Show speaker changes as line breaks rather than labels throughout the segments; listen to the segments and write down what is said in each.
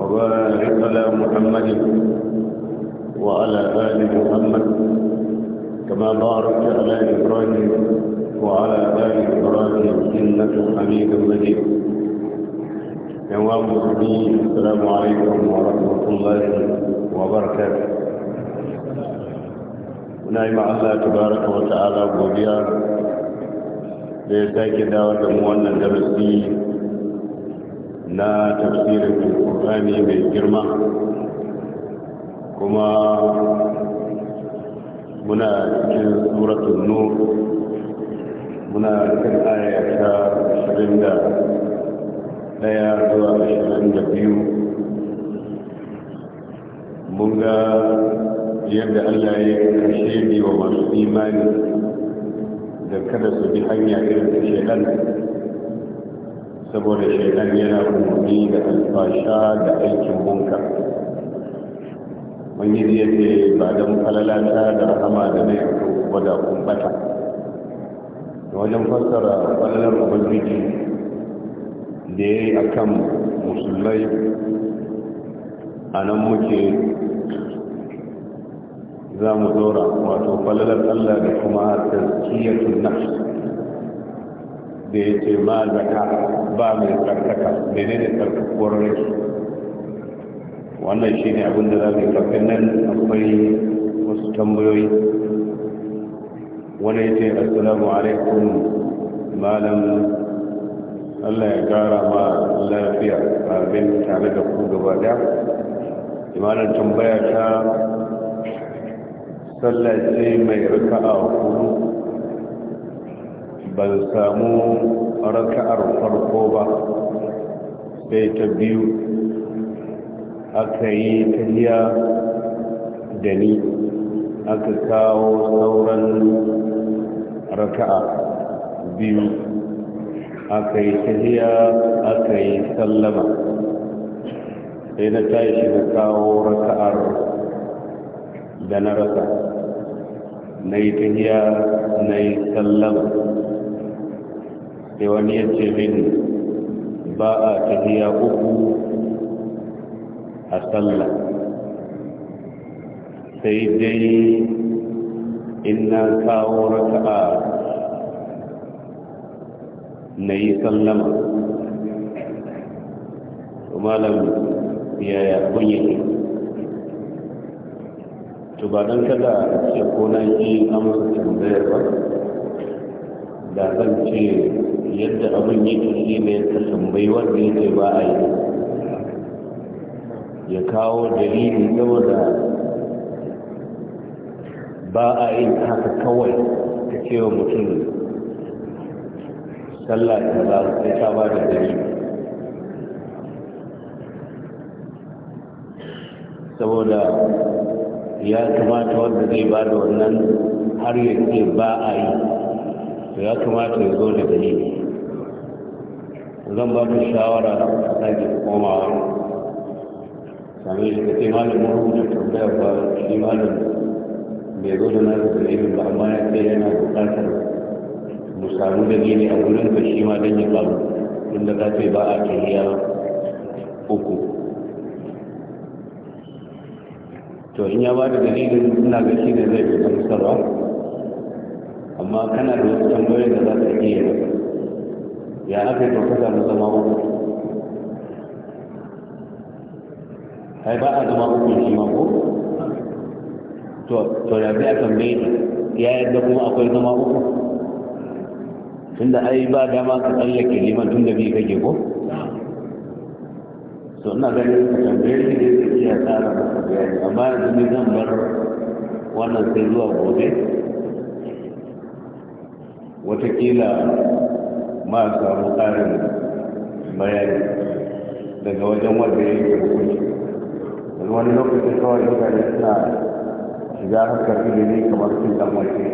وبارك على محمد وعلى آل محمد كما باركت على إبراهيم وعلى آل إبراهيم إنك حميد مجيد يوم المسلمين السلام عليكم ورحمة الله وبركاته ونعم الله تبارك وتعالى godiya da دعوة موانا درسي na tafsirin alkur'ani mai girma kuma muna cikin suratun nu muna kan ayyata 21 zuwa
22
mun ga yadda allah ya kashe wa masu imani da kada su bi hanya irin ta shaidan saboda shaidan yana umarni da alfasha da aikin bunka wani ya ce ba don falalata da rahama da na yanzu wadda kumbata da wajen fassara falalar ubangiji da ya yi a kan musulmai a nan muke za mu zora wato falalar allah da kuma tazkiyatun tunan. da ya ce ma zaka ba mai tsarkaka ne tsarkakuwar rai wannan shi ne abinda za mu yi kafin nan akwai wasu tambayoyi wani ya ce assalamu alaikum malam allah ya gara ma lafiya abin tare da ku gaba daya imanin tambaya ta ce mai rika'a hudu ban samu raka'ar farko ba sai ta biyu aka yi tahiya da ni aka kawo sauran raka'a biyu aka yi tahiya aka yi sallama sai na tashi da kawo raka'ar da na rasa na yi tahiya na yi sallama sai wani ya ce min ba a tafiya uku a sallah sai dai ina kawo a na yi sallama malam yaya abin yake to ba don kada ce ko na yi amsa tambayar ba da zan ce yadda abin yake shi ne ta tambayi wanda yake ba a yi ya kawo dalili saboda ba a yi haka kawai ta cewa mutum sallah ta za ta ta ba da dalili saboda
ya kamata wanda zai ba da
wannan har yake ba a yi
ya kamata ya zo da dalili
zan ba ka shawara a sake komawa sami shi ka ce malam da tambaya ba shi malam mai zo da nasu dalilin ba amma ya ce yana bukatar mu samu dalili a wurin ka shi ma don ya samu inda za ta yi ba a kiriya uku to in ya ba da dalilin ina ga shi ne zai fi gamsarwa amma kana da wasu tambayoyin da za ka iya yi ya aka yi ɗaukaka na zama uku ai ba a zama uku shi ma ko to ya bi aka mai ya yadda kuma akwai zama uku
tunda ai ba dama ka tsallake liman tun da biyu kake ko so ina ganin ka tambaye ne zai iya tsara masa bayani amma yanzu ne zan bar wannan sai zuwa gobe
watakila ma samu ƙarin bayani daga wajen wanda ya yi
hukunci daga wani
lokacin kawai mutane suna shiga harkar ne kamar cin dan wace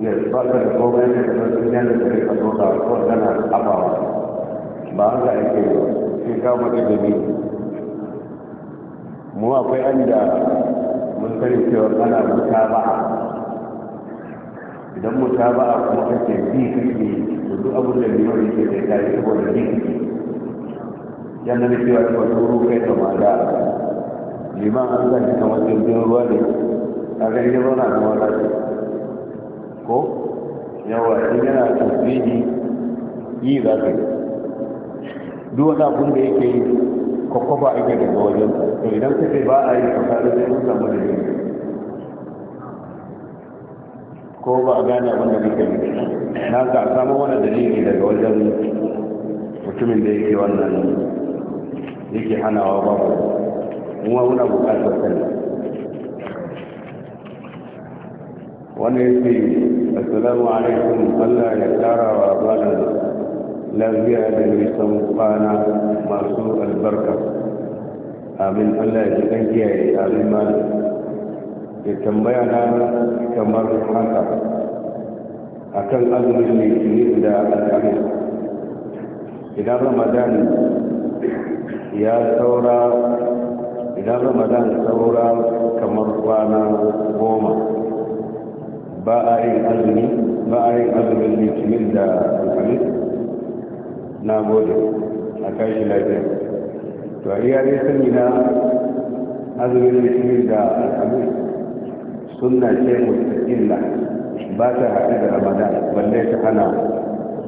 ya ba ka da ne da kamar sun yanda da rika so da kawai kana abawa ba haka ake ka sai da ni mu akwai an da mun sani cewa ana mutaba'a idan muta ba a kuma kake bi kake da duk abin da liman yake da ta yi saboda bi kake yana da cewa ta wato rukai da mada liman an san shi kamar jirgin ruwa ne a ne ya na kamar lafiya ko yawa shi yana tasbihi yi za ka yi duk wani abin da yake yi kwakwafa ake da wajen to idan kake ba a yi kakarar sai mun samu da jirgin ko ba a gane abin da kake na ka samu wani dalili daga wajen mutumin da yake wannan yake hanawa babu kuma muna
bukatar sani
wanda ya ce assalamu alaikum allah ya kara wa balan lafiya da nisan kwana masu albarka amin allah ya ji kan kiyaye amin malam da tambaya na kamar haka a kan azumin litinin da alhamis idan ramadan ya saura idan ramadan saura kamar kwana goma ba a yin azumi ba a yin azumin litinin da alhamis na gode a kashi lafiya to a iya dai sani na azumin litinin da alhamis sunna ce mustaqilla ba ta haɗu da ramadan balle ta hana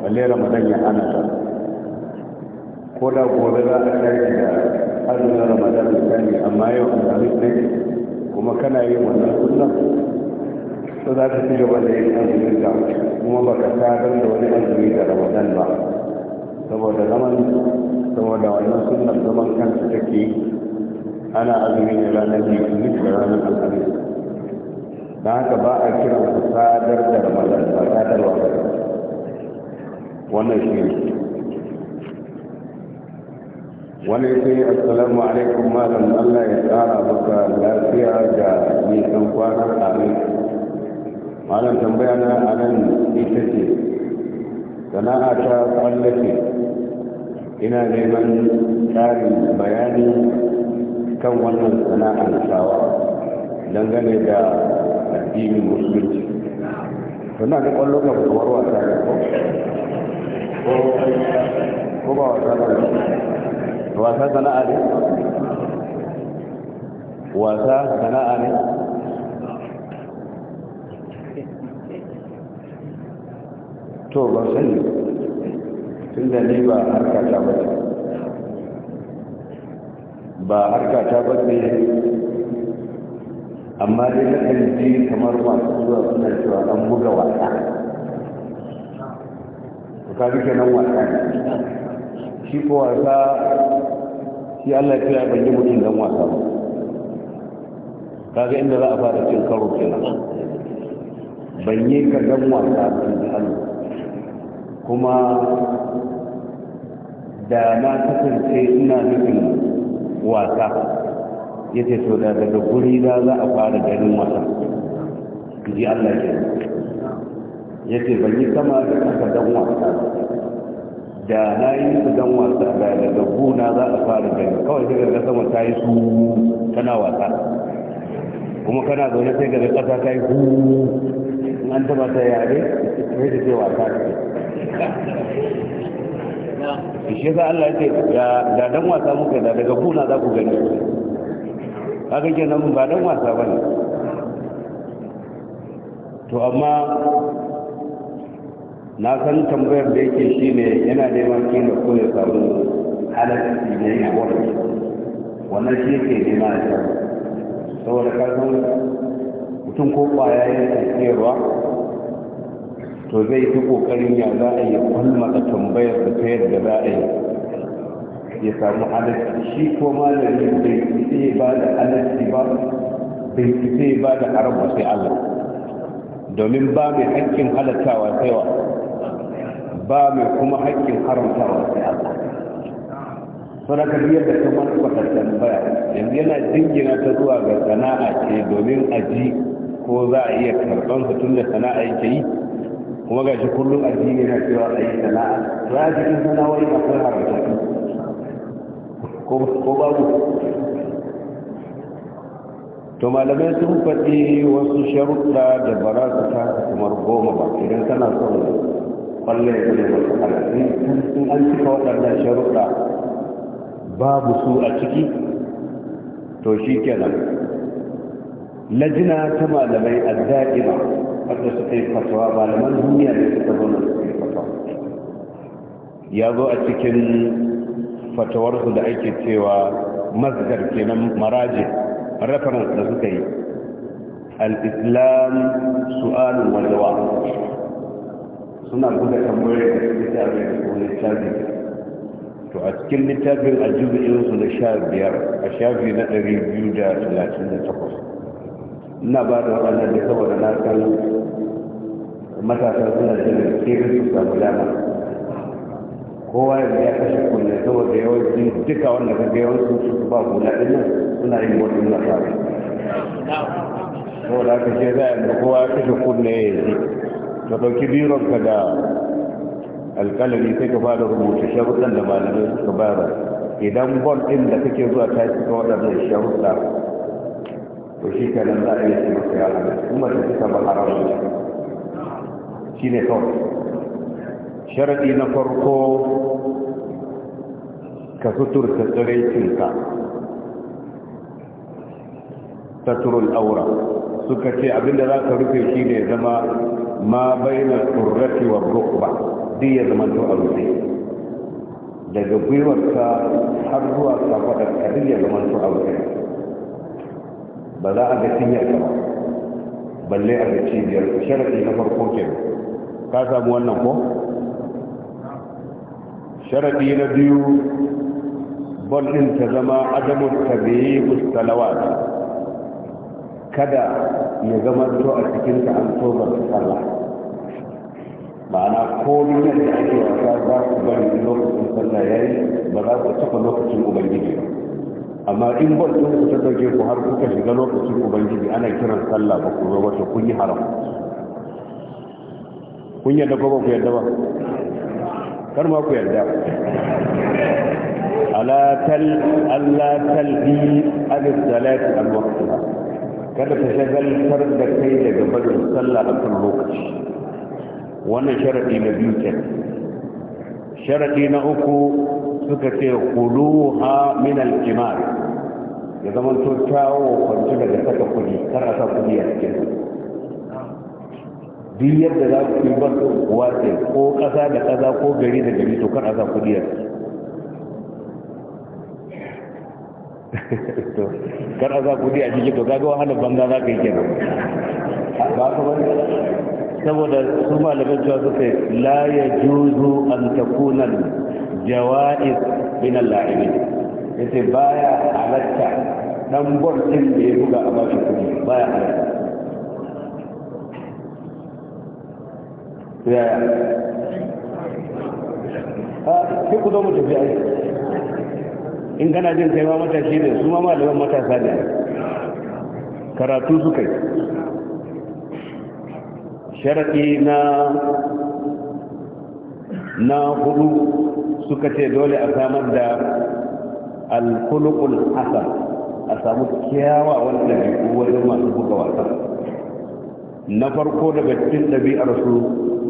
balle ramadan ya hana ta ko da gobe za a tashi da azumin ramadan da sani amma yau alhamis ne kuma kana yin wannan sunna to za ka ci gaba da yin azumin da kuma ba ka sadar da wani azumi da ramadan ba saboda zaman saboda wannan sunan zaman kansa take ana azumi ne ranar litinin da ranar alhamis Da haka ba a kiran su sadar da ramadan ba sadarwa ba wannan shi ne wani sai assalamu alaikum malam allah ya tsara maka lafiya da nisan kwana amin malam tambaya na anan ita ce sana'a ta tsallake ina neman tsarin bayani kan wannan na sawa dangane da addinin musulunci wannan ga kwallo ga kamar wasa ga ko ko ba wasa ba wasa sana'a ne wasa sana'a ne to ba sani tun da ni ba harka ta ba ba harka ta ba ne amma dai na kalli kamar masu zuwa suna cewa an buga wasa ko ka duka nan wata
shi ko wasa shi Allah ya kira ban yi mutum dan wasa ba
kaga inda za a fara cin karo kenan ban yi ka dan wasa ba ji Allah kuma da na kasance ina nufin wasa ya ce to da daga guri da za a fara ganin wata ji Allah ke
ya ce ban yi sama da kasa dan wasa
da na yi su dan wasa da daga guna za a fara ganin kawai daga ga sama ta yi su tana wasa kuma kana zaune sai daga kasa ta yi su an taba ta yare sai da ce wasa
ce shi za Allah ya ce da dan
wasa muka da daga guna za ku gani haka nan ba dan wasa bane to amma na san tambayar da yake shi ne yana neman kila da koyar sabon halarci ne ya wani wannan shi ke nema ya saboda san mutum ko kwaya ya tsakiyarwa to zai fi kokarin ya za a yi kulmata tambayar da ta yadda za a yi ya samu alaƙi shi ko malami bai ita ba da alaƙi ba bai ita ba da haramu sai Allah domin ba mai haƙƙin halattawa sai wa ba mai kuma haƙƙin haramtawa sai Allah sana ka biyar da kamar kwatattan baya yanzu yana jingina ta zuwa ga sana'a ce domin a ji ko za a iya karɓar su tun da sana'a yake yi kuma ga shi kullum addini na cewa a yi sana'a za a cikin sana'o'i akwai
haramtattu
ko babu to malamai sun faɗi wasu sharuɗa da ba za su taka kamar goma ba idan kana son kwallon ya zama masu halatta in an cika waɗannan sharuɗa babu su a ciki to shi kenan lajina ta malamai a da'ima wadda suka yi fatawa malaman duniya ne suka zo na suka yi fatawa ya zo a cikin fatawarsu da ake cewa masgar kenan maraji reference da suka yi al-islam su'alun wajawa suna buga tambayoyi da suke tabi da kuma littafin, to a cikin littafin a jubilinsu na sha biyar a shafi na ɗari biyu da talatin da takwas ina ba da waɗannan da saboda na san matasa suna jirin sai su samu dama kowa yanzu ya kashe kunne saboda yawancin duka wanda ka ga yawancin su ba hula ɗin nan suna yin wani na fara
saboda haka ce za a yi kowa ya kashe
kunne ya yi ka ɗauki biron ka da alƙalami sai ka da rubuta sharuɗan da malamai suka bara idan bon ɗin da kake zuwa ta suka waɗannan sharuɗa to shi ka nan za a iya ce maka yaran kuma ta cika ba haramun shi ne kawai sharaɗi na farko ka suturta tsiraicinka saturul aura suka ce abinda za ka rufe shi ne zama ma baina turrati wa rukba duk ya zama to a rufe daga gwiwarsa har zuwa kafaɗar ka duk ya zama to a rufe ba za a ga cinyar ka ba balle a ga cibiyar sharaɗi na farko kenan ka samu wannan ko sharaɗi na biyu bol ɗin ta zama adamun tabi'i mustalawat kada ya zama to a cikin ta an toba ta sallah ma'ana komi yadda ake wasa za su bari lokacin sallah yi, ba za su taɓa lokacin ubangiji ba amma in bol ɗin ku ta dauke ku har kuka shiga lokacin ubangiji ana kiran sallah ba ku zo wata kun yi haram kun yadda ko ba ku yadda ba kar ma ku yarda ala tal alla talbi ala salat al waqtiha kada ta shagaltar da kai daga barin sallah a kan lokaci wannan sharadi na biyu ke sharadi na uku suka ce kuluha min al ya zama to tawo kwanci daga saka kudi kar a sa kudi a cikin duk yadda za ku yi ban wace ko ƙasa da ƙasa ko gari da gari to kan a sa kuɗi a kar a za kuɗi a cikin to kaga wahalar banza za ka yi kenan ba ka bari saboda su malaman cewa suka yi la ya juzu an takuna jawa'is min al-la'ibi yace baya halatta dan gwamnatin da ya buga a bashi kudi baya halatta yaya a sai ku zo mu tafi aiki in kana jin kai ma matashi ne su ma malaman matasa ne karatu suka yi sharaɗi na na hudu suka ce dole a samar da alkulukul hasan a samu kyawa wanda ne wajen masu buga wasa na farko daga cikin ɗabi'ar su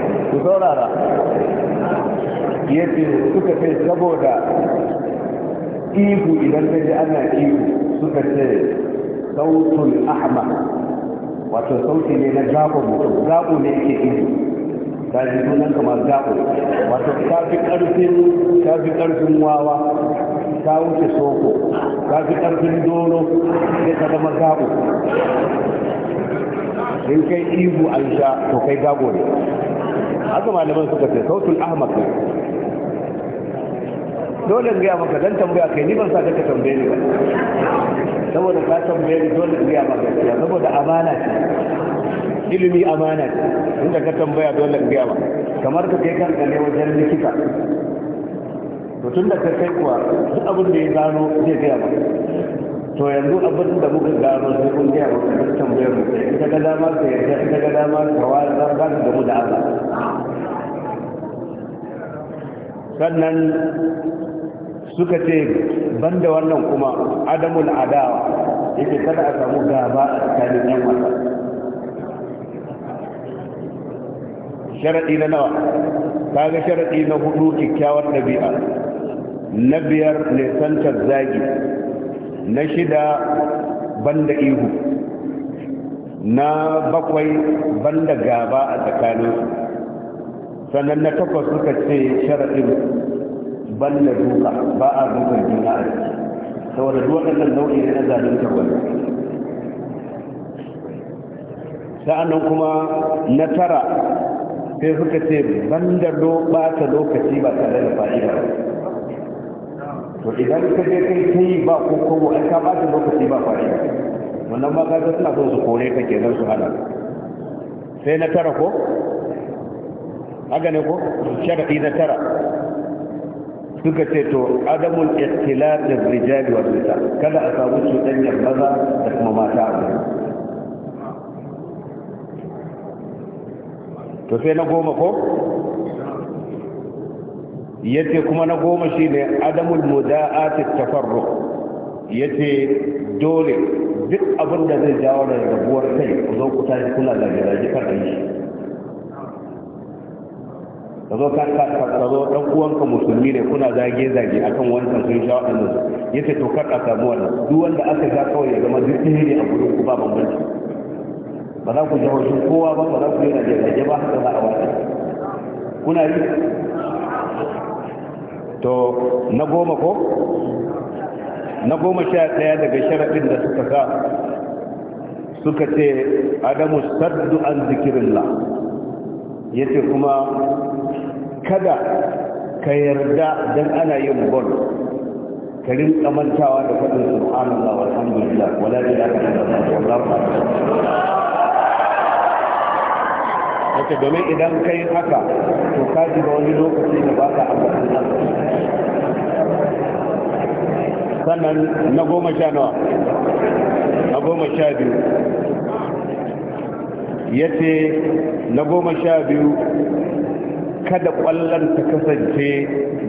ku saurara ya ce suka ce saboda ihu idan ta ji ana ihu suka ce sautun ahmad wato sauti ne na zaɓo mutum zaɓo ne yake ihu ta ji sunan kamar zaɓo wato ta fi ƙarfin ta fi ƙarfin wawa ta wuce soko ta fi ƙarfin dolo sai ta zama zaɓo in kai ihu an sha to kai zaɓo ne haka malaman suka ce sautul Ahmad ne dole gaya maka dan tambaya kai ni ban sa ka tambaye ni ba saboda ka tambaye ni dole gaya maka saboda amana ce ilimi amana ce inda ka tambaya dole gaya maka kamar ka kai kanka ne wajen likita to tun da ka kai kuwa duk abin da ya gano zai gaya maka to yanzu abin da muka gano sai kun gaya maka duk tambayar mu ita ga dama ka yarda ita ga dama ka wani za ka gamu da Allah sannan suka ce ban da wannan kuma adamun adawa yake kada a samu gaba a tsakanin yan wasa sharaɗi na nawa kaga sharaɗi na hudu kyakkyawar ɗabi'a na biyar nisantar zagi na shida banda ihu na bakwai banda gaba a tsakaninsu sannan na takwas suka ce sharaɗin ban da duka ba a dukan juna a ciki saboda duk waɗannan nau'i ne na zalunta wani sa'annan kuma na tara sai suka ce ban da ɓata lokaci ba tare da fa'ida to idan ka je kai ta yi ba ko kogo an ka ɓata lokaci ba fa'ida wannan ma ka suna so su kore ka zan su hana sai na tara ko haka ne ko sharaɗi na tara suka ce to adamul ikhtilaf ar-rijal wa nisa kada a samu cuɗanyar maza da kuma mata a gurin to sai na goma ko yace kuma na goma shine adamul muda'at at-tafarruq yace dole duk abin da zai jawo da rabuwar kai ku zo ku tashi kuna da garaje kan shi ka zo ka tsaro dan uwanka musulmi ne kuna zage zage akan wancan sun sha wadannan yace to kar a samu wannan duk wanda aka ga kawai ya zama duk ne a gurin ku ba bambanci ba za ku ji haushin kowa ba ba za ku yi na jirage ba haka za a
wata kuna yi
to na goma ko na goma sha ɗaya daga sharaɗin da suka sa suka ce adamu saddu an zikirin la ya ce kuma kada ka yarda don ana yin gol ka rin mantawa da faɗin subhanallah walhamdulillah wala ilaha illallah wallahu akbar wata domin idan ka yi haka to ka ji ba wani lokaci da ba ka ambatin sannan na goma sha nawa na goma sha biyu ya ce na goma sha biyu kada kwallon ta kasance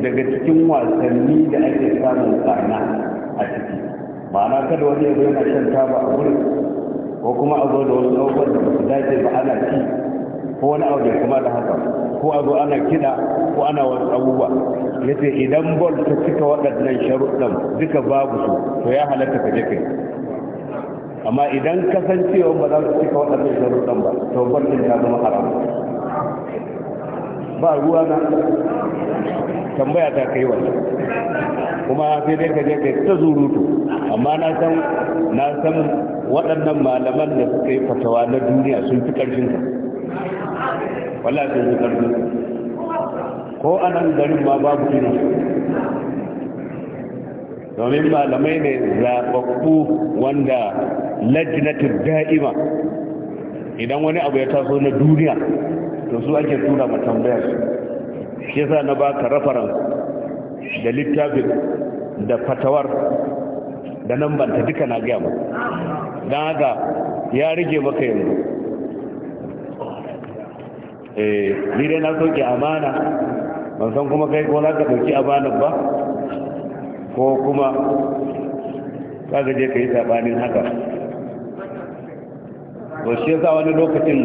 daga cikin wasanni da ake samun tsana a ciki ma'ana kada wani ya yana shan taba a wurin ko kuma a zo da wasu abubuwan da su dace ba ana ci ko wani abu da kuma da haka ko a zo ana kiɗa ko ana wasu abubuwa ya ce idan bol ta cika waɗannan sharuɗan duka babu su to ya halatta ka je kai amma idan kasancewa ba za su cika waɗannan sharuɗan ba to bol ɗin ta zama haram ba ruwa na tambaya ta kai wannan kuma sai dai ka je kai ta zurutu amma na san na san waɗannan malaman da suka yi fatawa na duniya sun fi ƙarfin ka wallahi sun fi ƙarfin ko anan garin ma babu ina domin malamai ne zaɓaɓɓu wanda lajinatu da'ima idan wani abu ya taso na duniya to su ake tura ma tambayar shi yasa na baka rafaran da littafin da fatawar da nan ban ta duka na gaya maka don haka ya rige maka yanzu eh ni dai na soke amana ban san kuma kai ko za ka ɗauki amanar ba ko kuma za ka je ka yi sabanin haka ba shi yasa wani lokacin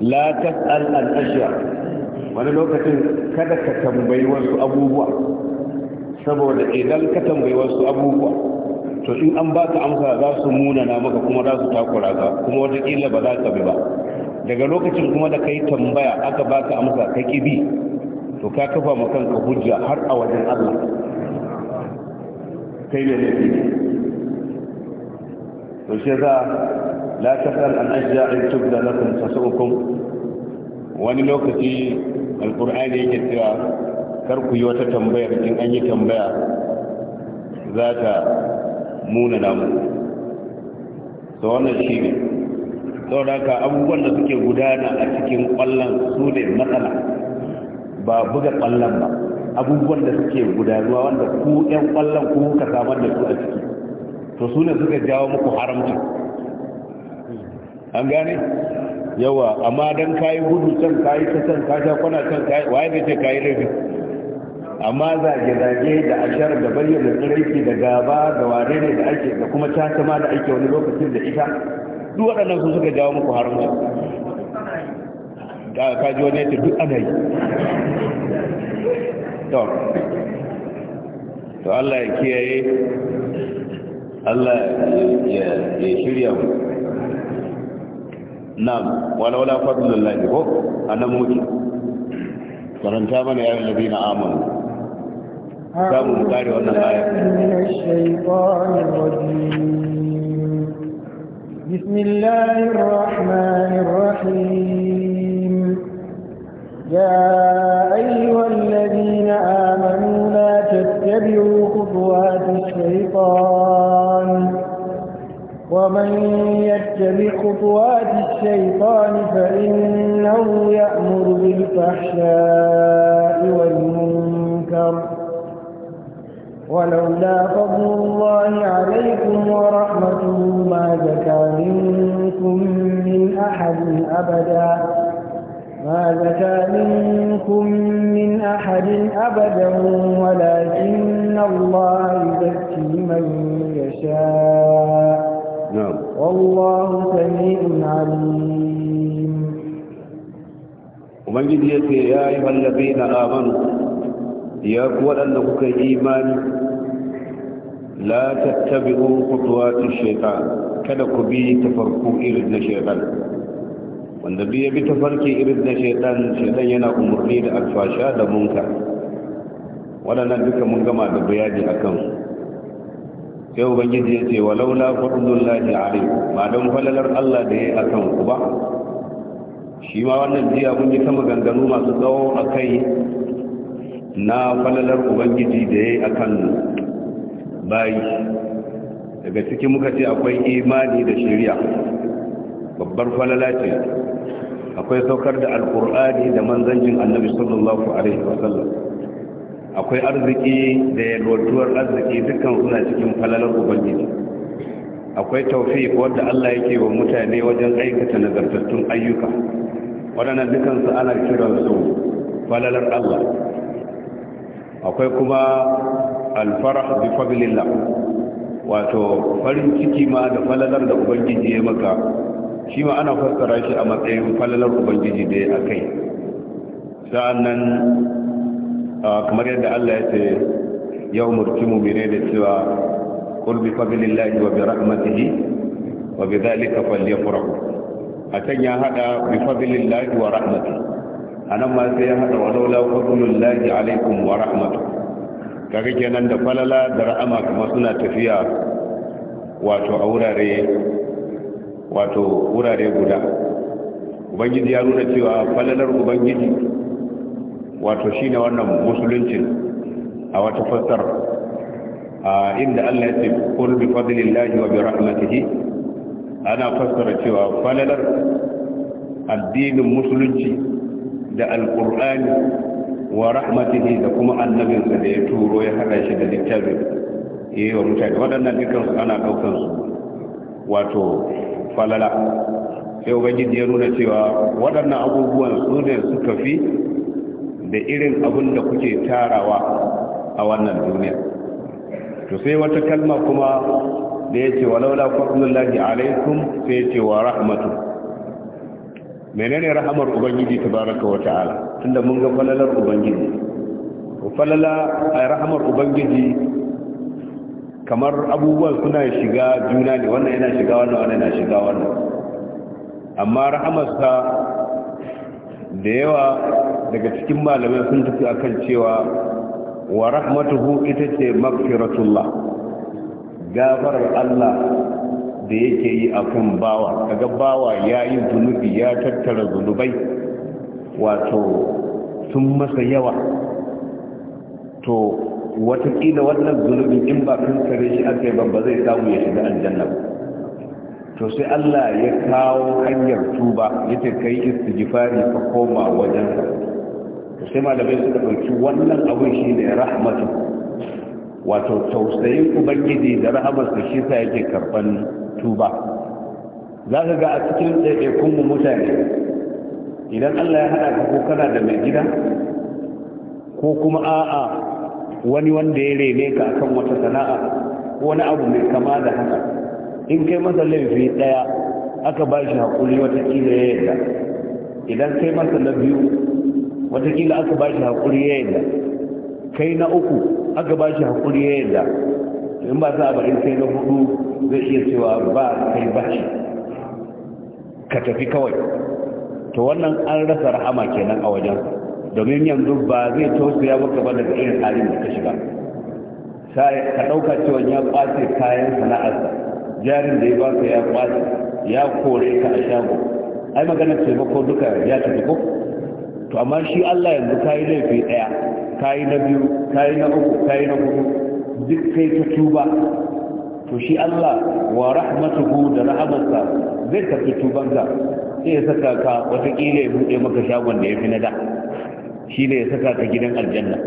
la tas'al al ashya wani lokacin kada ka tambayi wasu abubuwa saboda idan ka tambayi wasu abubuwa to in an baka amsa za su munana maka kuma za su takura ka kuma wataƙila ba za ka bi ba daga lokacin kuma da kai tambaya aka baka amsa ka ki bi to ka kafa ma kanka hujja har a wajen Allah kai ne ne to shi za la tasal an ajja'in tubda lakum tasukum wani lokaci alqur'ani yake cewa kar ku yi wata tambayar in an yi tambaya za ta muna namu to wannan shi ne saboda abubuwan da suke gudana a cikin kwallon su ne matsala ba buga kwallon ba abubuwan da suke gudanuwa wanda ku 'yan ƙwallon ku kuka samar da su a ciki to su ne suka jawo muku haramci an gane yawa amma don kayi gudu can kayi ta can kasha kwana can kayi waye da ce kayi laifin amma zage-zage da ashar da bayyana tsiraiki da gaba da ware ne da ake da kuma caca ma da ake wani lokacin da ita duk waɗannan su suka jawo muku haramci da kaji wani yake duk ana yi to Allah ya kiyaye Allah ya shirya mu na'am wala wala fadlullahi ko anan muke karanta mana ya ladina amanu
za mu kare wannan aya بسم الله الرحمن الرحيم
يا أيها الذين آمنوا لا تتبعوا خطوات الشيطان ومن يتبع خطوات الشيطان فإنه يأمر بالفحشاء والمنكر ولولا فضل الله عليكم ورحمته ما زكى منكم من أحد أبدا ما زكى منكم من أحد أبدا ولكن الله يزكي من يشاء نعم والله سميع عليم ومن جد يا أيها الذين آمنوا يا أنك إيمان لا تتبعوا خطوات الشيطان kada ku bi farko irin na shaitan wanda biya bi tafarki irin na shaitan shaitan yana umarni da alfasha da munka waɗannan duka mun gama da bayani a kansu Yau ubangiji ya ce walau la fadlullahi alaikum ba don falalar Allah da ya akan ku ba shi ma wannan jiya mun yi ta maganganu masu tsawo a kai na falalar ubangiji da ya yi a bayi daga ciki muka ce akwai imani da shari'a babbar falala ce akwai saukar da alkur'ani da manzancin annabi sallallahu alaihi wasallam akwai arziki da yalwatuwar arziki dukkan suna cikin falalar ubangiji akwai taufi wanda Allah yake wa mutane wajen aikata nazartattun ayyuka waɗannan dukansu ana kiransu falalar Allah akwai kuma alfarah bi fadlillah wato farin ciki ma da falalar da ubangiji ya maka shi ma ana fassara shi a matsayin falalar ubangiji da ya akai sa'annan Ah, kamar yadda Allah ya ce yau murci mumine da cewa qul bi fadlillahi wa bi rahmatihi wa bi dhalika falyafrahu a can ya hada bi fadlillahi wa rahmati anan ma sai ya hada wa laula fadlullahi alaikum wa rahmatu kaga kenan da falala da ra'ama kuma suna tafiya wato a wurare wato wurare guda ubangiji ya nuna cewa falalar ubangiji wato shine wannan musuluncin a wata fassar inda Allah ya ce kul bi fadlillahi wa bi rahmatihi ana fassara cewa falalar addinin musulunci da alqur'ani wa rahmatihi da kuma annabinsa da ya turo ya hada shi da littafin yayi wa mutane waɗannan dukansu ana ɗaukar wato falala sai ubangiji ya nuna cewa waɗannan abubuwan su ne suka fi da irin abin da kuke tarawa a wannan duniya to sai wata kalma kuma da ya ce walaula fadlullahi alaikum sai ya ce wa rahmatu menene rahamar ubangiji tabaraka wa ta'ala tunda mun ga falalar ubangiji falala a rahamar ubangiji kamar abubuwan suna shiga juna ne wannan yana shiga wannan wannan yana shiga wannan amma rahamarsa da yawa daga cikin malamai sun tafi akan cewa wa rahmatuhu ita ce magfiratullah gafarar Allah da yake yi akan bawa kaga bawa ya yi zunubi ya tattara zunubai wato sun masa yawa to watakila wannan zunubin in ba kan kare shi aka yi ba zai samu ya shiga aljanna to sai Allah ya kawo hanyar tuba yace kai istighfari ka koma wajen sai malamai suka ɗauki wannan abin shi ne rahmatu wato tausayin ubangiji da rahamarsa shi sa yake karban tuba za ka ga a cikin mu mutane idan allah ya haɗa ka ko kana da mai gida ko kuma a'a wani wanda ya rene ka akan wata sana'a ko wani abu mai kama da haka in kai masa laifi ɗaya aka ba shi haƙuri ƙila ya yadda idan kai masa na biyu watakila aka ba shi haƙuri ya yadda kai na uku aka bashi shi haƙuri ya yadda in ba sa a bari kai na hudu zai iya cewa ba kai ba ka tafi kawai to wannan an rasa rahama kenan a wajen domin yanzu ba zai ya maka ba daga irin halin da ka shiga ka ɗauka cewa ya ƙwace kayan sana'arsa jarin da ya baka ya ƙwace ya kore ka a shago ai magana taimako duka ya tafi ko to amma shi Allah yanzu yi laifi daya yi na biyu yi na uku yi na hudu duk kai ka tuba to shi Allah wa rahmatuhu da rahamarsa zai tafi tuban ka sai ya saka ka watakila ya buɗe maka shagon da ya fi na da shi ne ya saka ka gidan aljanna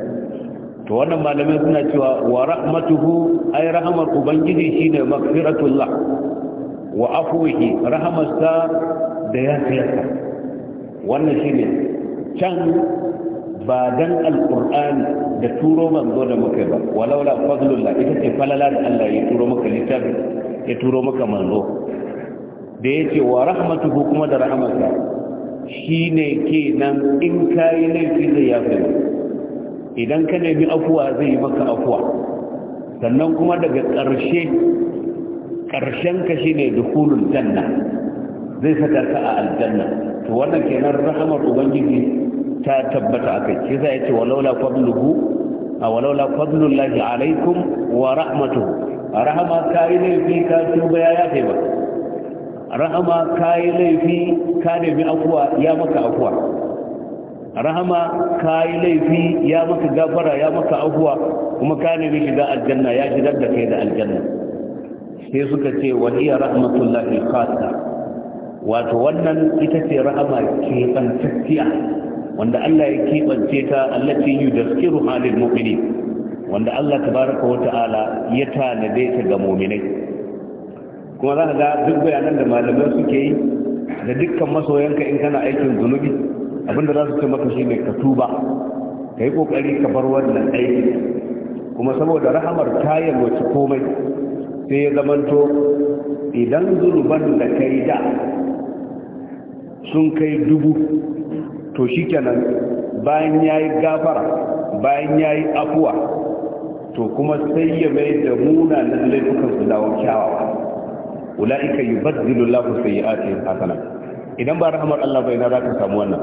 to wannan malamai suna cewa wa rahmatuhu ay rahamar ubangiji shine maghfiratullah wa afwihi rahamarsa da yafiyarsa wannan shine can ba dan alqur'ani da turo manzo da muka ba walaula fadlullah ita ce falala da Allah ya turo maka littafi ya turo maka manzo da yake wa rahmatuhu kuma da rahmatsa shine kenan in kai laifi da yafe idan ka nemi afuwa zai yi maka afuwa sannan kuma daga ƙarshe ƙarshen ka shine dukulul janna zai saka ka a aljanna to wannan kenan rahmatu ubangiji ta tabbata a kai shi zai ce walaula fadluhu a walaula fadlullahi alaikum wa rahmatuhu rahama ka yi laifi ka tuba ya yafe ba rahama ka yi laifi ka nemi afuwa ya maka afuwa rahama ka yi laifi ya maka gafara ya maka afuwa kuma ka nemi shiga aljanna ya shigar da kai da aljanna sai suka ce wa hiya rahmatullahi khassa wato wannan ita ce rahama ke bantacciya wanda Allah ya kibance ta allati yudakkiru halil mu'minin wanda Allah tabaraka wa ta'ala ya tanade ta ga mu'minai kuma za ga duk bayanan da malamai suke yi da dukkan masoyanka in kana aikin zunubi abinda za su ce maka shi ne ka tuba ka yi kokari ka bar wannan aiki kuma saboda rahamar ta wace komai sai ya zamanto idan zunuban da kai da sun kai dubu to shi kenan bayan ya yi gafara bayan ya yi afuwa to kuma sai ya mai da muna munanan laifukan su dawo kyawawa ulaika yubaddilu Allahu sayyi'atihim hasana idan ba rahmar Allah bai na zaka samu wannan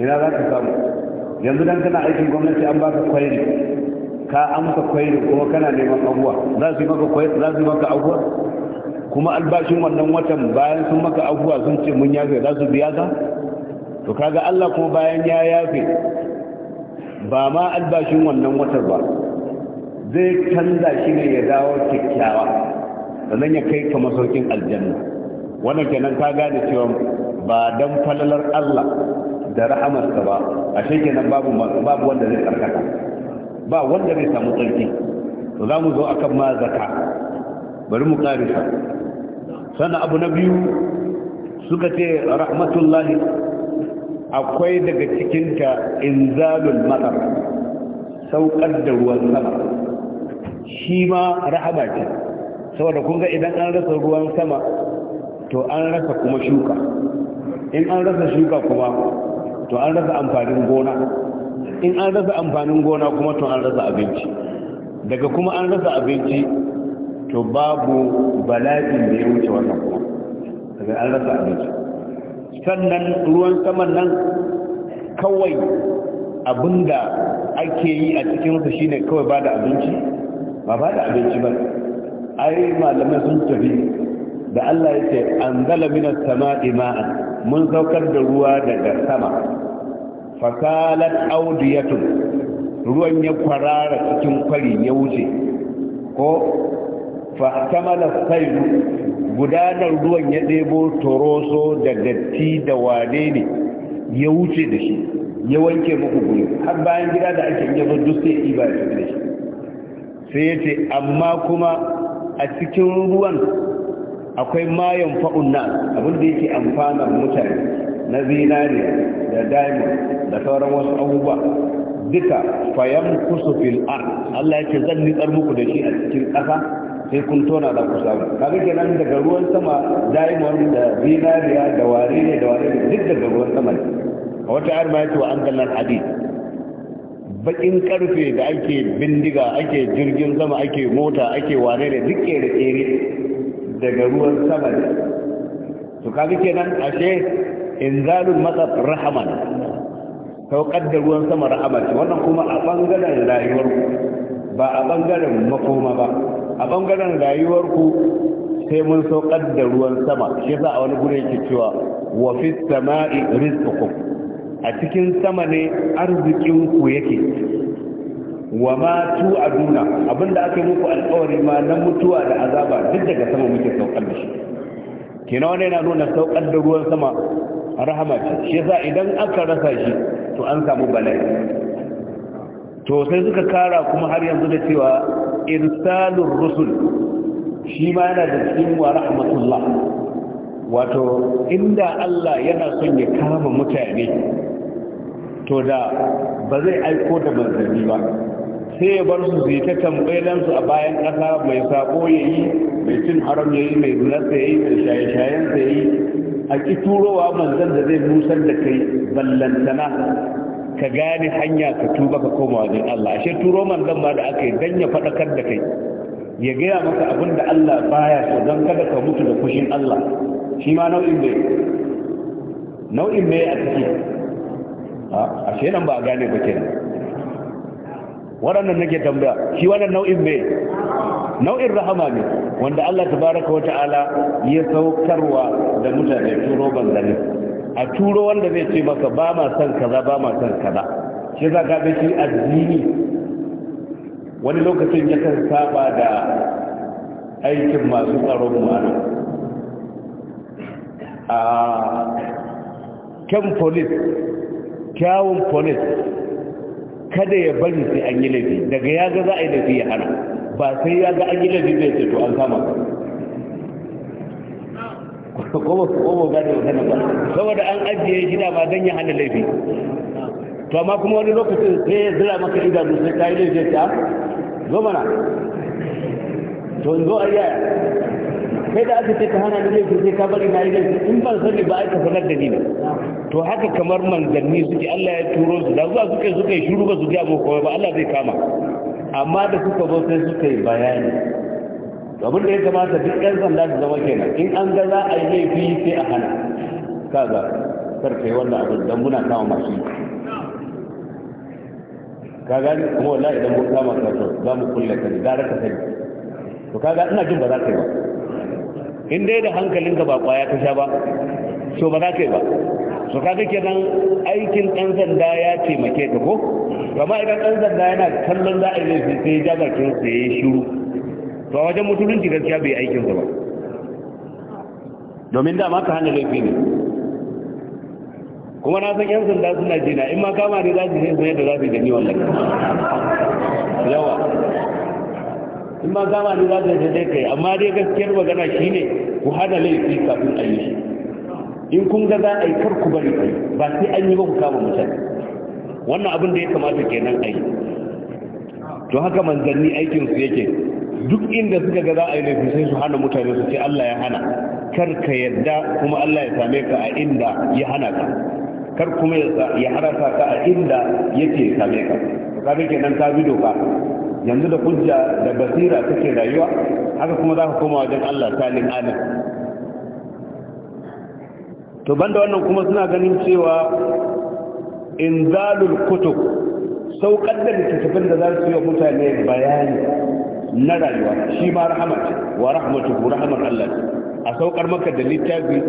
ina zaka samu yanzu dan kana aikin gwamnati an baka kwairi ka amsa kwairi kuma kana neman abuwa za su yi maka kwairi za su yi maka abuwa kuma albashin wannan watan bayan sun maka abubuwa sun ce mun yafe za su biya ka to kaga Allah ko bayan ya yafe ba ma albashin wannan watan ba zai canza shi ne ya dawo kyakkyawa sannan ya kai ka masaukin aljanna wannan kenan ka gane cewa ba dan falalar Allah da rahamarsa ba a kenan babu babu wanda zai karkata ba wanda zai samu tsarki to za mu zo akan ma zaka bari mu karisa sannan abu na biyu suka ce rahmatullahi akwai daga cikinta inzalul matar saukar da ruwan sama shi ma rahama ce saboda kunga idan an rasa ruwan sama to an rasa kuma shuka in an rasa shuka kuma to an rasa amfanin gona in an rasa amfanin gona kuma to an rasa abinci daga kuma an rasa abinci to babu bala'in da ya wuce wannan kuma daga an rasa abinci sannan ruwan saman nan kawai abinda ake yi a cikin cikinsa shine kawai ba da abinci ba ba da abinci ba ai malamai sun tafi da Allah ya ce an zala mina sama ima'an mun saukar da ruwa daga sama fasalar audiyatun ruwan ya kwarara cikin kwari ya wuce ko fa kamala sayru gudanar ruwan ya ɗebo toroso da datti da wane ne ya wuce da shi ya wanke muku guri har bayan gida da ake iya zo duk sai iba ya da shi sai ya amma kuma a cikin ruwan akwai mayan fa'un nan abin da yake amfanar mutane na zinari da diamond da sauran wasu abubuwa duka fayan kusufin fil'ar Allah ya ce zan nitsar muku da shi a cikin ƙasa sai kun tona da ku samu kaga kenan daga ruwan sama diamond da zinariya da wari ne da wari ne duk daga ruwan sama ne a wata ayar ma yace wa anzalna hadid bakin karfe da ake bindiga ake jirgin sama ake mota ake ware ne duk kere kere daga ruwan sama ne to kaga kenan ashe inzalul matsaf rahaman saukar da ruwan sama rahaman wannan kuma a bangaren rayuwar ba a bangaren makoma ba a bangaren rayuwarku sai mun saukar da ruwan sama shi za a wani gure yake cewa wa sama'i rizqukum a cikin sama ne arzikin ku yake wa ma tu'aduna abinda aka yi muku alƙawari ma na mutuwa da azaba duk daga sama muke saukar da shi Kina wani yana nuna saukar da ruwan sama rahama ce shi yasa idan aka rasa shi to an samu bala'i to sai suka kara kuma har yanzu da cewa irsalur rusul shi ma yana da cikin wa rahmatullah wato inda Allah yana son ya kama mutane to da ba zai aiko da manzanni ba sai ya bar su su yi ta su a bayan ƙasa mai sako ya yi mai cin haram ya yi mai zinarsa ya yi mai shaye shayen ya yi a ƙi turowa manzan da zai musar da kai ballantana ka gane hanya ka tuba ka koma wajen Allah ashe turo zan ma da aka yi dan ya kar da kai ya gaya maka abin da Allah baya so don kada ka mutu da fushin Allah shi ma nau'in bai nau'in bai a ciki ashe nan ba a gane ba kenan waɗannan nake tambaya shi wannan nau'in bai nau'in rahama ne wanda Allah tabaraka wa ta'ala ya saukarwa da mutane turo banzanin a turo wanda zai ce maka ba ma son kaza ba ma son kaza shi za ka shi addini wani lokacin kan saba da aikin masu tsaron mana a kyan polis kyawun polis kada ya bari sai an yi laifi daga ya ga za a yi laifi ya hana ba sai ya ga an yi laifi zai ce to an kama ko ba ko ba da magana ba saboda an ajiye gida ba dan ya hana laifi to amma kuma wani lokacin sai ya zira maka idanu sai kai laifi ta zo mana to zo a yaya kai da aka ce ka hana ni laifi sai ka bari na yi laifi in ban sani ba aka sanar da ni ne to haka kamar manzanni suke Allah ya turo su da zuwa suke suke shiru ba su ga mu kowa ba Allah zai kama amma da suka zo sai suka yi bayani abin da ya kamata duk yan sanda su zama kenan in an ga za a yi laifi sai a hana kaga karfe wannan abin don muna kama masu ka gani kuma wallahi idan mun kama ka za mu kulle ka ne gara ka sani to kaga ina jin ba za ka yi ba in dai da hankalinka ba kwaya ka sha ba so ba za ka yi ba so ga kenan aikin ɗan sanda ya taimake ka ko kama idan ɗan sanda yana kallon za a yi laifi sai ya ja bakin ya yi shiru to a wajen musulunci gaskiya bai aikin ba domin da ma ka hana laifi ne kuma na san 'yan sanda suna jina in ma kama ne za su yi sai da za su gani wannan yawa in ma kama ne za su yi sai kai amma dai gaskiyar magana shi ne, ku hana laifi kafin a yi shi in kun ga za a yi kar bari kai ba sai an yi ba ku kama mutane wannan abin da ya kamata kenan a yi to haka manzanni aikin su yake duk inda suka ga za a yi laifi sai su hana mutane su ce Allah ya hana kar ka yadda kuma Allah ya same ka a inda ya hana ka kar kuma ya harasa ka a inda yake same ka ka ga kenan ka bi doka yanzu da kujja da basira kake rayuwa haka kuma za ka koma wajen Allah salim alim to banda wannan kuma suna ganin cewa inzalul kutub saukar da littattafan da za su yi wa mutane bayani na rayuwa shi ma rahama ce wa rahmatuhu rahamar Allah ce a saukar maka da littafi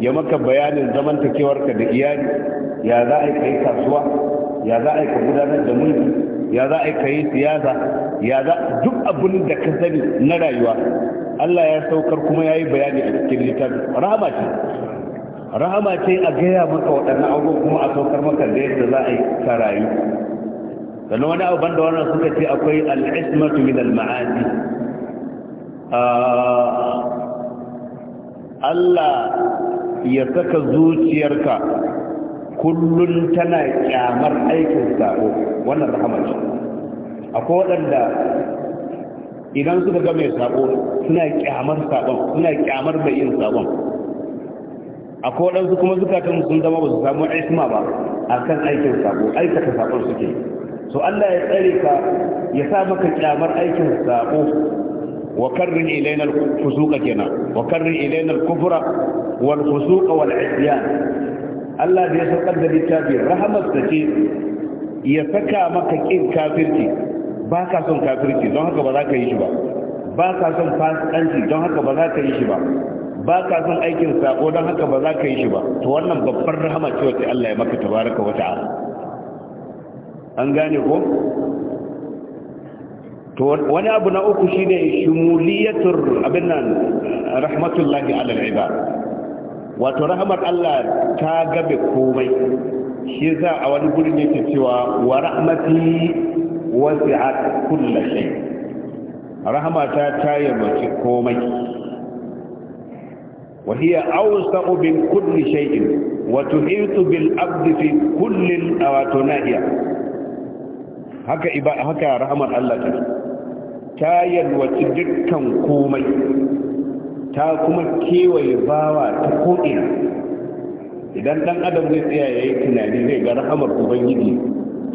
ya maka bayanin zamantakewarka da iyali ya za a yi kai kasuwa ya za a yi ka gudanar da mulki ya za a yi siyasa ya za duk abin da ka sani na rayuwa Allah ya saukar kuma ya yi bayani a cikin littafi rahama ce rahama ce a gaya maka waɗannan abubuwa kuma a saukar maka da yadda za a yi ta rayu sannan wani abubuwan da wannan suka ce akwai al'ismatu min al-ma'adi ah, Allah ya saka zuciyarka kullum tana kyamar aikin sako wannan rahamar akwai waɗanda idan suka ga mai sako suna kyamar sakon suna kyamar mai yin sakon akwai waɗansu kuma zukatan sun zama ba su samu isma ba a kan aikin sako aikata sakon suke so Allah ya tsare ka ya sa maka kyamar aikin sabo wa karrin ilaina al-fusuqa kenan wa karrin ilaina al-kufra wal fusuqa wal isyan Allah da ya saukar da littafi rahamar ta ce ya saka maka kin kafirci ba ka son kafirci don haka ba za ka yi shi ba ba ka son fasikanci don haka ba za ka yi shi ba ba ka son aikin sako don haka ba za ka yi shi ba to wannan babbar rahama ce wacce Allah ya maka tabaraka wa ta'ala an gane ko to wani abu na uku shine shumuliyatur abin nan rahmatullahi ala al-ibad wato rahmat Allah ta gabe komai shi za a wani gurin yake cewa wa rahmati wasi'at kulli shay rahmata ta yamace komai bi kulli shay'in wa tuhitu bil abdi fi كل awatunahiya haka iba haka rahmar Allah ta ta yalwaci dukkan komai ta kuma kewaye bawa ta ko'ina idan dan adam zai tsaya ya yi tunani zai ga rahamar ubangiji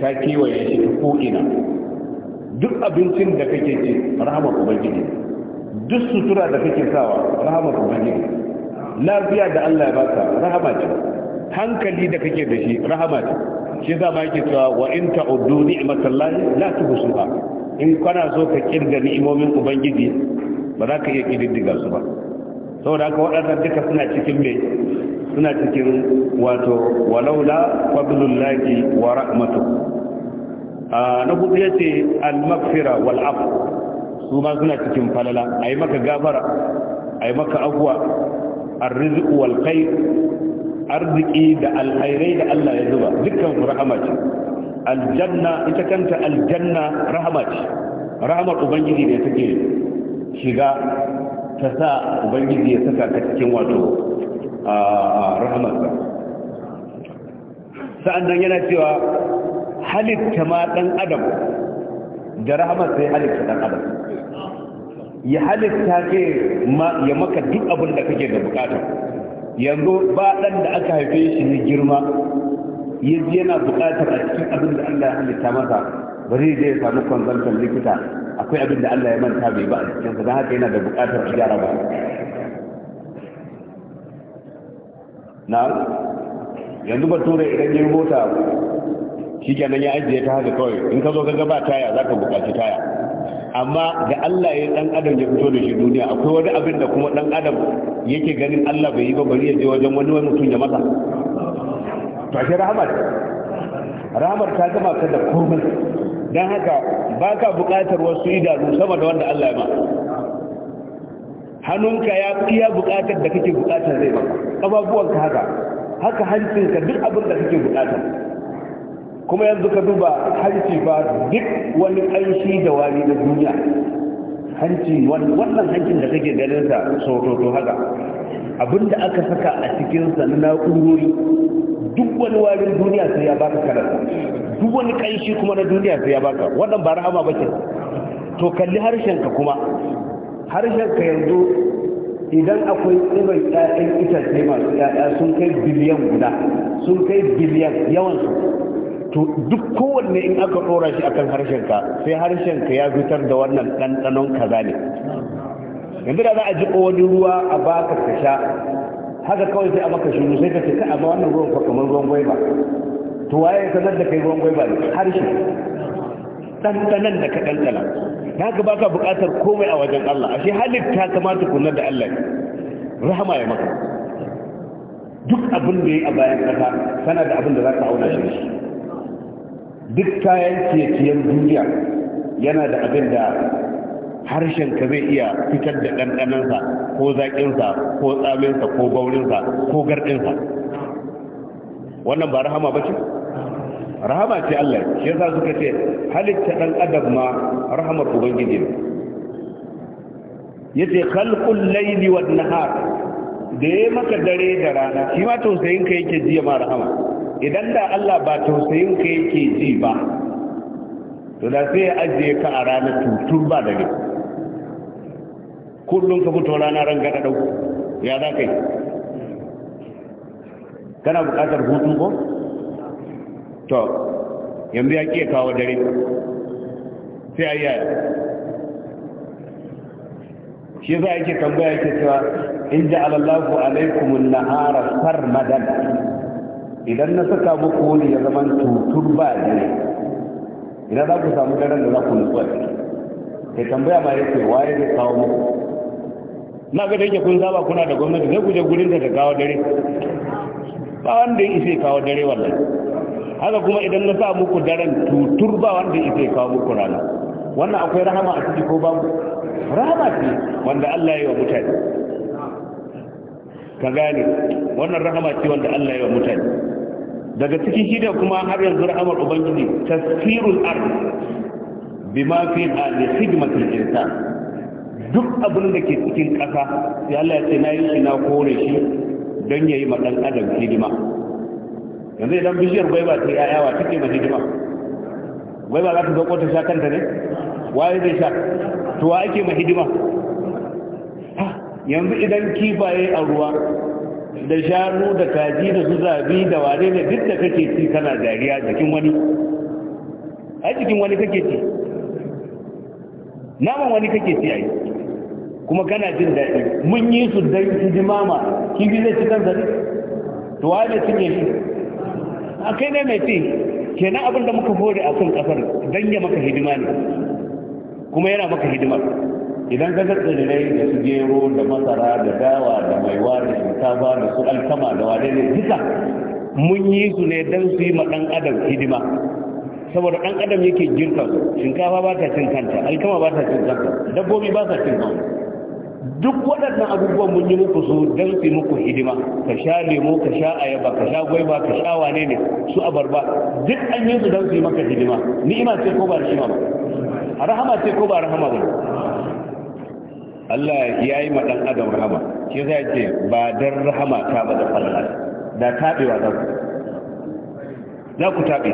ta kewaye shi ta ko'ina duk abincin da kake ci rahamar ubangiji duk sutura da kake sawa rahamar ubangiji lafiya da allah ya baka rahama ce hankali da kake da shi rahama ce shi yasa ma yake cewa wa in ta'uddu ni'matallahi la tuhsuha in kana so ka kirga ni'imomin ubangiji ba za ka iya kididdiga su ba saboda haka waɗannan duka suna cikin me suna cikin wato walaula fadlullahi wa rahmatu na hudu yace al-maghfira wal afu su ma suna cikin falala ayi maka gafara ayi maka afwa ar-rizq wal khair arziki da alhairai da Allah ya zuba dukkan su rahama ce aljanna ita kanta aljanna rahama ce rahamar ubangiji ne take shiga ta sa ubangiji ya saka ta cikin wato rahamarsa sa'an nan yana cewa halitta ma ɗan adam da rahamarsa ya halitta ɗan adam ya halitta ke ya maka duk abin da kake da bukata yanzu ba ɗan da aka haife shi ne girma yanzu yana buƙatar a cikin abin da Allah ya halitta masa ba zai je ya samu kwanzantar likita akwai abin da Allah ya manta bai ba a sa don haka yana da buƙatar a gyara ba na yanzu ba tura idan yin mota shi kenan ya ajiye ta haka kawai in ka zo ka gaba taya za ka buƙaci taya amma da Allah ya dan adam ya fito da shi duniya akwai wani abin da kuma dan adam yake ganin Allah bai yi ba bari ya je wajen wani wani mutum ya masa to ashe rahmat rahmar ta zama ka da komai dan haka ba ka buƙatar wasu idanu sama da wanda Allah ya ma hannunka ya ya buƙatar da kake buƙatar zai ba ka haka haka hancinka duk abin da kake buƙatar kuma yanzu ka duba hanci ba duk wani ƙanshi da wani na duniya hanci wannan hancin da kake ganin sa sototo haka abinda aka saka a cikin sa na na'urori duk wani warin duniya sai ya baka kana duk wani ƙanshi kuma na duniya sai ya baka wannan ba rahama bace to kalli harshen ka kuma harshen ka yanzu idan akwai tsibai 'ya'yan itace masu ƴaƴa sun kai biliyan guda sun kai biliyan yawan su to duk kowanne in aka ɗora shi akan harshenka sai ka ya fitar da wannan ɗanɗanon kaza ne yanzu da za a ji wani ruwa a baka ka sha haka kawai sai a maka shi sai ka ce amma wannan ruwan fa kamar ruwan gwaiba to waye sanar da kai ruwan gwaiba ne harshe ɗanɗanon da ka ɗanɗana haka baka buƙatar komai a wajen Allah ashe halitta kamata kunna da Allah rahama ya maka duk abin da ya a bayan ƙasa sana da abin da za ka auna shi duk kayan ciye-ciyen duniya yana da abin da harshen ka zai iya fitar da ɗanɗanansa ko zaƙinsa ko tsaminsa ko gaurinsa ko garɗinsa wannan ba rahama ba ce rahama ce Allah shi yasa suka ce halitta ɗan adam ma rahamar ubangiji ne yace kalkun laili wa nahar da yayi maka dare da rana shi ma tausayin ka yake jiya ma rahama idan da Allah ba tausayin ka yake ji ba to da sai ya ajiye ka a ranar tutun ba da ne kullum ka fito rana ran gada dauko ya za kai kana buƙatar hutu ko to yanzu ya ke kawo dare sai a yi shi za a yake tambaya yake cewa in ji alaikum alaikumun nahara sarmadan idan na saka muku wani ya zama tutur ba ne idan za ku samu garin da za ku nutsuwa kai tambaya ma yake waye zai kawo muku na ga dake kun saba kuna da gwamnati zai kuje gurin da ta kawo dare ba wanda ya isai kawo dare wannan haka kuma idan na sa muku daren tutur ba wanda ya isai kawo muku rana wannan akwai rahama a ciki ko babu rahama ce wanda Allah ya yi wa mutane ka gane wannan rahama ce wanda Allah ya yi wa mutane daga cikin shida kuma har yanzu ra'amar ubangiji tasfirul ard bima fi al hidmatul insan duk abin da ke cikin ƙasa sai Allah ya ce na yi shi na kore shi don yayi ma dan adam hidima yanzu idan bishiyar gwaiba ta yaya wa take ma hidima gwaiba za ta zo ta sha kanta ne waye zai sha to wa ake ma hidima yanzu idan kifaye a ruwa da shanu da kaji da su zabi da wane ne duk da kake ci kana dariya jikin wani a jikin wani kake ci naman wani kake ci a kuma kana jin daɗi mun yi su dan su ji mama kibi zai ci kansa ne to wane cinye shi a kai ne mai ci kenan abin da muka hore a sun kasar don ya maka hidima ne kuma yana maka hidima idan ka da tsirrai da su gero da masara da dawa da maiwa da shinkafa da su alkama da wane ne duka mun yi su ne don su yi ma ɗan adam hidima saboda ɗan adam yake girka su shinkafa ba ta cin kanta alkama ba ta cin kanta dabbobi ba ta cin kanta duk waɗannan abubuwan mun yi muku su don su muku hidima ka sha lemo ka sha ayaba ka sha gwaiba ka sha wane ne su abarba duk an yi su don su yi maka hidima ni'ima ce ko ba ni'ima ba rahama ce ko ba rahama ba Allah ya yi ma ɗan adam rahama shi zai ce ba don rahama ta ba da falala da taɓewa za ku za ku taɓe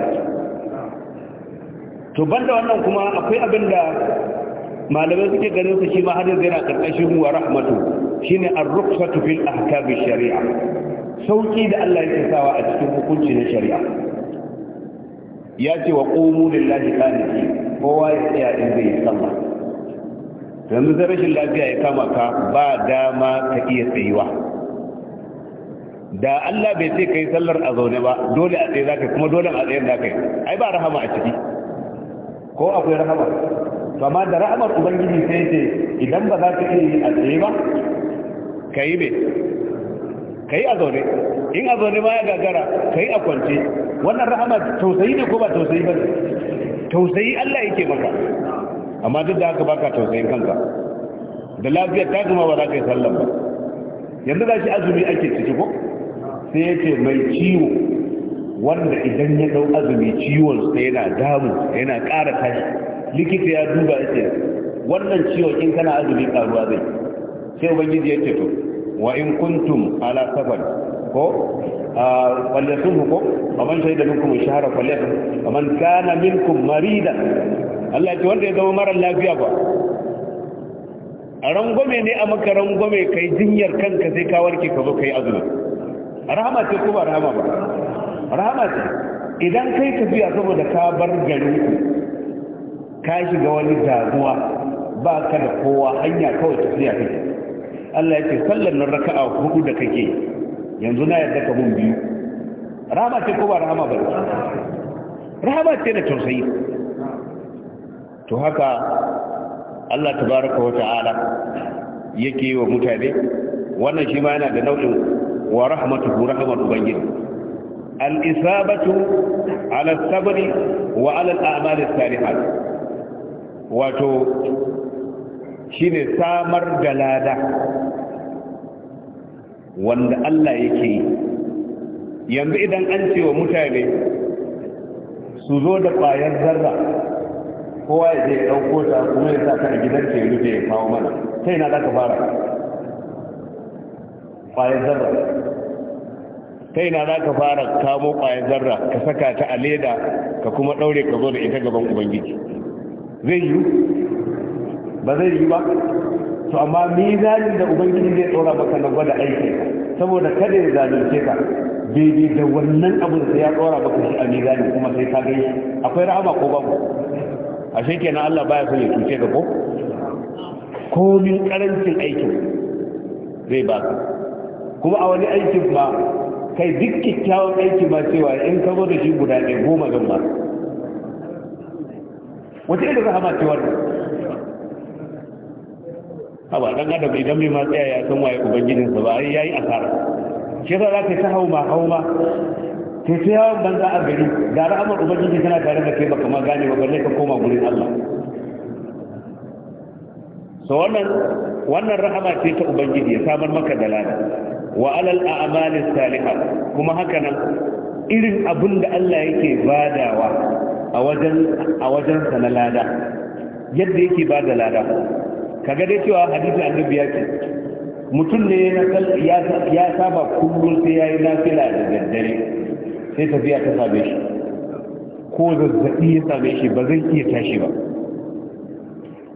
to banda wannan kuma akwai abin da malamai suke ganin su shi ma hadin zai na ƙarƙashin wa rahmatu an ar-rukhsatu a ahkam sharia sauƙi da Allah yake sawa a cikin hukunci na shari'a ya ce wa qumu lillahi qanitin kowa ya tsaya in zai yi sallah yanzu zai rashin lafiya ya kama ka ba dama ka iya tsayuwa da Allah bai ce kai sallar a zaune ba dole a tsaye zaka kuma dole a tsaye zaka yi ai ba rahama a ciki ko akwai rahama to amma da rahamar ubangiji sai ce idan ba za ka iya yi a tsaye ba ka yi me a zaune in a zaune ma ya gagara ka yi a kwance wannan rahama tausayi ne ko ba tausayi ba tausayi Allah yake maka amma duk da haka baka tausayin kanka
da lafiyar ta kuma ba za ka yi sallan ba
yanzu za shi azumi ake ciki ko sai yace mai ciwo wanda idan ya dau azumi ciwon sa yana damu yana ƙara tashi likita ya duba yace wannan ciwon in kana azumi karuwa zai sai ubangiji ya ce to wa in kuntum ala safar ko wallatun ko faman shaida minkum shahara falyatun faman kana minkum marida Allah ce wanda ya zama mara lafiya ba a rangwame ne a maka rangwame kai jinyar kanka sai ka warke ka zo kai azumi rahama ce ko ba rahama ba rahama ce idan kai tafiya saboda ka bar gari ka shiga wani dazuwa ba ka da kowa hanya kawai tafiya kai Allah ya ce sallar nan raka'a hudu da kake yanzu na yarda ka mun biyu rahama ce ko ba rahama ba rahama ce da tausayi to haka Allah tabaraka wa ta'ala yake wa mutane wannan shi ma yana da nau'in wa rahmatuhu rahmat ubangiji al-isabatu ala sabri wa ala al-a'mal as-salihat wato shine samar da lada wanda Allah yake yi yanzu idan an ce wa mutane su zo da ƙwayar zarra kowa ya zai ɗauko ta kuma ya sa ta a gidan ke rufe ya kawo mana ta yana za ka fara ƙwayar zarra ta yana za fara kamo ƙwayar zarra ka saka ta a leda ka kuma ɗaure ka zo da ita gaban ubangiji zai yi ba zai yi ba to amma mizanin da ubangiji zai tsora maka na gwada aiki saboda kada ya zalunce ka daidai da wannan abu da ya tsora maka shi a mizanin kuma sai ka gani akwai rahama ko babu ashe kenan Allah baya son ya cuce ka ko komin karancin aikin zai ba kuma a wani aikin ba kai duk kyakkyawan aiki ba cewa in ka da shi guda ɗaya goma zan ba wata irin rahama ce wannan
haba dan adam idan
bai ma tsaya ya san waye sa ba ai yayi asara shi za ka ta hauma hauma ke sai yawan banza a gari da ra'amar ubangiji tana tare da kai baka ma gane ba balle ka koma gurin Allah so wannan wannan rahama ce ta ubangiji ya samar maka da lada wa alal a'mali salihah kuma haka nan irin abin da Allah yake badawa a wajen a wajen sa na lada yadda yake bada lada kaga dai cewa hadisi annabi ya ce mutum ne ya saba kullum sai ya yi nafila da daddare sai tafiya ta same shi ko zazzaɓi ya same shi ba zai iya tashi ba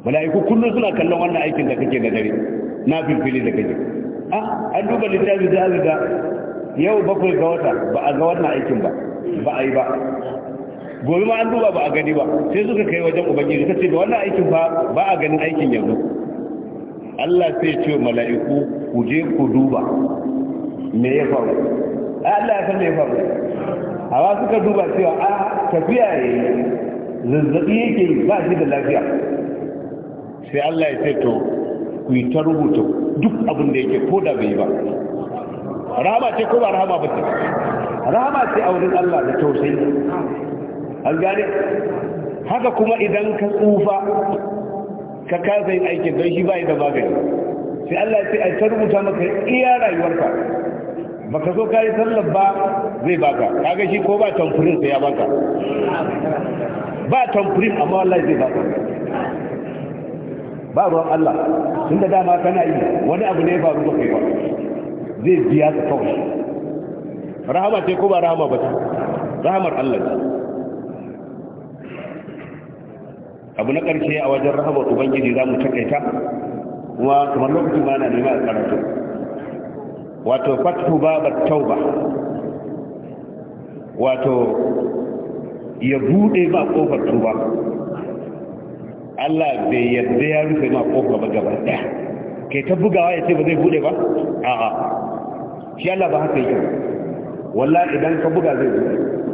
mala'iku kullum suna kallon wannan aikin da kake da dare na filfili da kake
a ah, an duba littafi
da azuga yau bakwai ga wata ba a ga wannan aikin ba ba a yi ba gobe ma an duba ba a gani ba sai suka kai wajen ubangiji ta ce da wannan aikin fa ba a ganin aikin yanzu Allah sai ce wa mala'iku ku je ku duba me ya faru Allah ya san me ya faru amma suka duba cewa a ah, tafiya ne zazzabi yake ba shi da lafiya sai Allah ya ce to ku yi ta rubuta duk abin da yake ko da bai ba rahama ce ko ba rahama ba ce rahama ce a wurin Allah da tausayi an haka kuma idan ka tsufa ka kasa yin aikin don shi bai da magani sai Allah sai a rubuta maka iya rayuwarka baka so kayi sallar ba zai baka kaga shi ko ba tamfurin sai ya baka ba tamfurin amma Allah zai baka ba ruwan Allah tun da dama kana yi wani abu ne ba ruwa kai ba zai biya ka kawai rahama ce ko ba rahama ba ta rahamar Allah abu na ƙarshe a wajen rahabar ubangiji za mu takaita kuma kamar lokacin ba na nema a karatu wato fathu babar tauba wato ya buɗe ma ƙofar tuba Allah bai yarda ya rufe ma kofa ba gaba ɗaya kai ta bugawa ya ce ba zai buɗe ba a'a shi Allah ba haka yi wallahi idan ka buga zai buɗe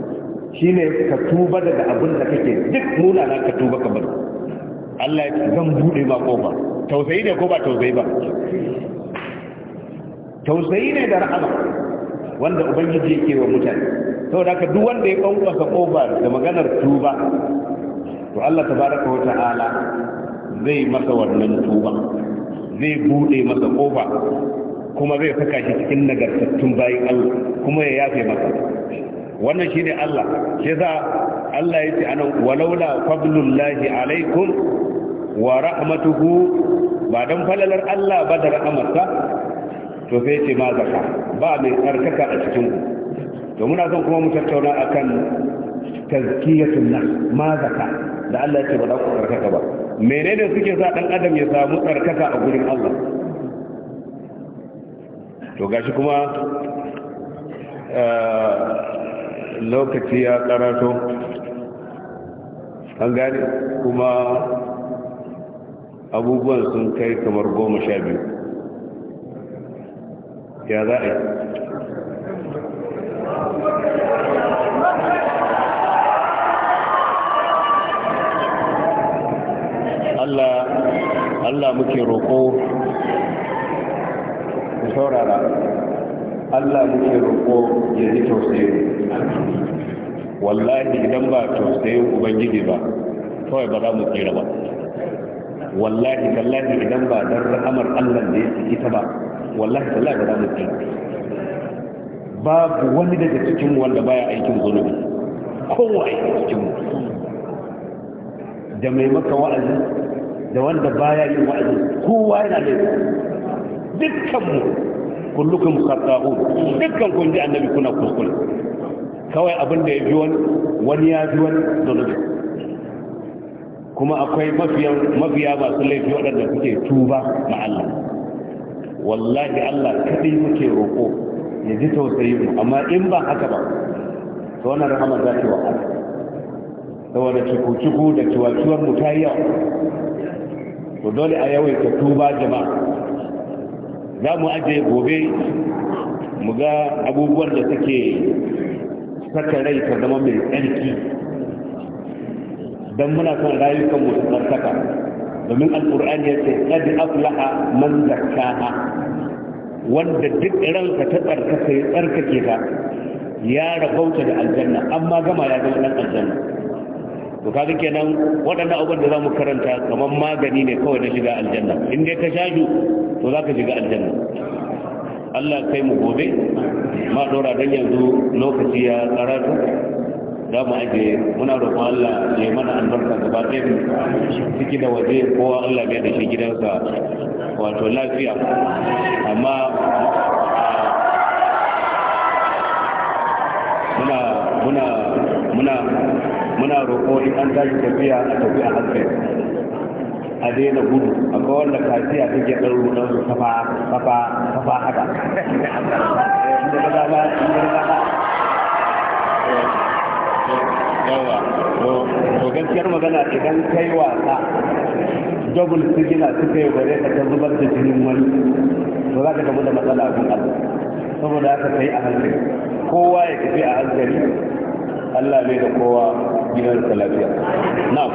shine ka tuba daga abin da kake duk muna na ka tuba ka bari Allah ya zan bude ko ba tausayi ne ko ba tausayi ba tausayi ne da rahama wanda ubangiji yake wa mutane saboda haka duk wanda ya kwankwasa kofa da maganar tuba to Allah tabaraka wa ta'ala zai masa wannan tuba zai bude masa kofa kuma zai saka shi cikin nagartattun bayan Allah kuma ya yafe masa wannan shi ne Allah shi yasa Allah ya yace anan walaula fadlullahi alaikum wa rahmatuhu ba dan falalar Allah ba da rahmarsa to sai ce ma zaka ba mai tsarkaka a cikin ku to muna son kuma mu tattauna akan tazkiyatun nas ma zaka da Allah ya ce ba za ku tsarkaka ba menene suke sa dan adam ya samu tsarkaka a gurin Allah to gashi kuma
eh,
lokaci ya karato an gane kuma abubuwan sun kai kamar goma sha biyu ya za a yi Allah muke roƙo mu saurara Allah muke roƙo ya ji tausayin wallahi idan ba tausayin ubangiji ba kawai ba za mu tsira ba wallahi tallahi idan ba dan rahamar Allah da ya ciki ba wallahi tallahi ba za mu tsira babu wani daga cikin wanda baya aikin zunubi
kowa aikin cikin mu
da mai maka wa'azi da wanda baya yin wa'azi kowa yana da dukkan mu kullukum khata'un dukkan kun ji annabi kuna kuskure kawai abin da ya bi wani wani ya bi wani zunubi kuma akwai mafiyan mafiya masu laifi waɗanda suke tuba ma Allah wallahi Allah kadai muke roƙo ya ji tausayin mu amma in ba haka ba to wannan rahama za ta wahala saboda ciku-ciku da ciwa mu ta yawa to dole a yawaita tuba jama'a za mu ajiye gobe mu ga abubuwan da suke saka rai ta zama mai tsarki don muna son rayukan mu su tsarkaka domin alƙur'an ya ce ɗadi aflaha man zakkaha wanda duk ranka ta tsarkaka ya tsarkake ka, ya rabauta da aljanna amma gama ya zama ɗan aljanna to kaga kenan waɗannan abubuwan da za mu karanta kamar magani ne kawai na shiga aljanna in dai ka shaju to za ka shiga aljanna Allah kai mu gobe ma dora dan yanzu lokaci ya karatu za mu aje muna roƙon Allah ya mana albarka gaba ɗaya ciki da waje kowa Allah bai da shi gidansa wato lafiya amma muna muna muna muna roƙo in an tashi tafiya a tafi a hankali a daina gudu akwai wanda kafiya take ɗan ruɗan su kafa kafa kafa haka yawa to gaskiyar magana idan kai wasa dubul sigina suka yi bare ka ta zubar da jinin wani to za ka gamu da matsala abin Allah saboda haka kai a hankali kowa ya tafi a hankali Allah bai da kowa
gina da lafiya na'am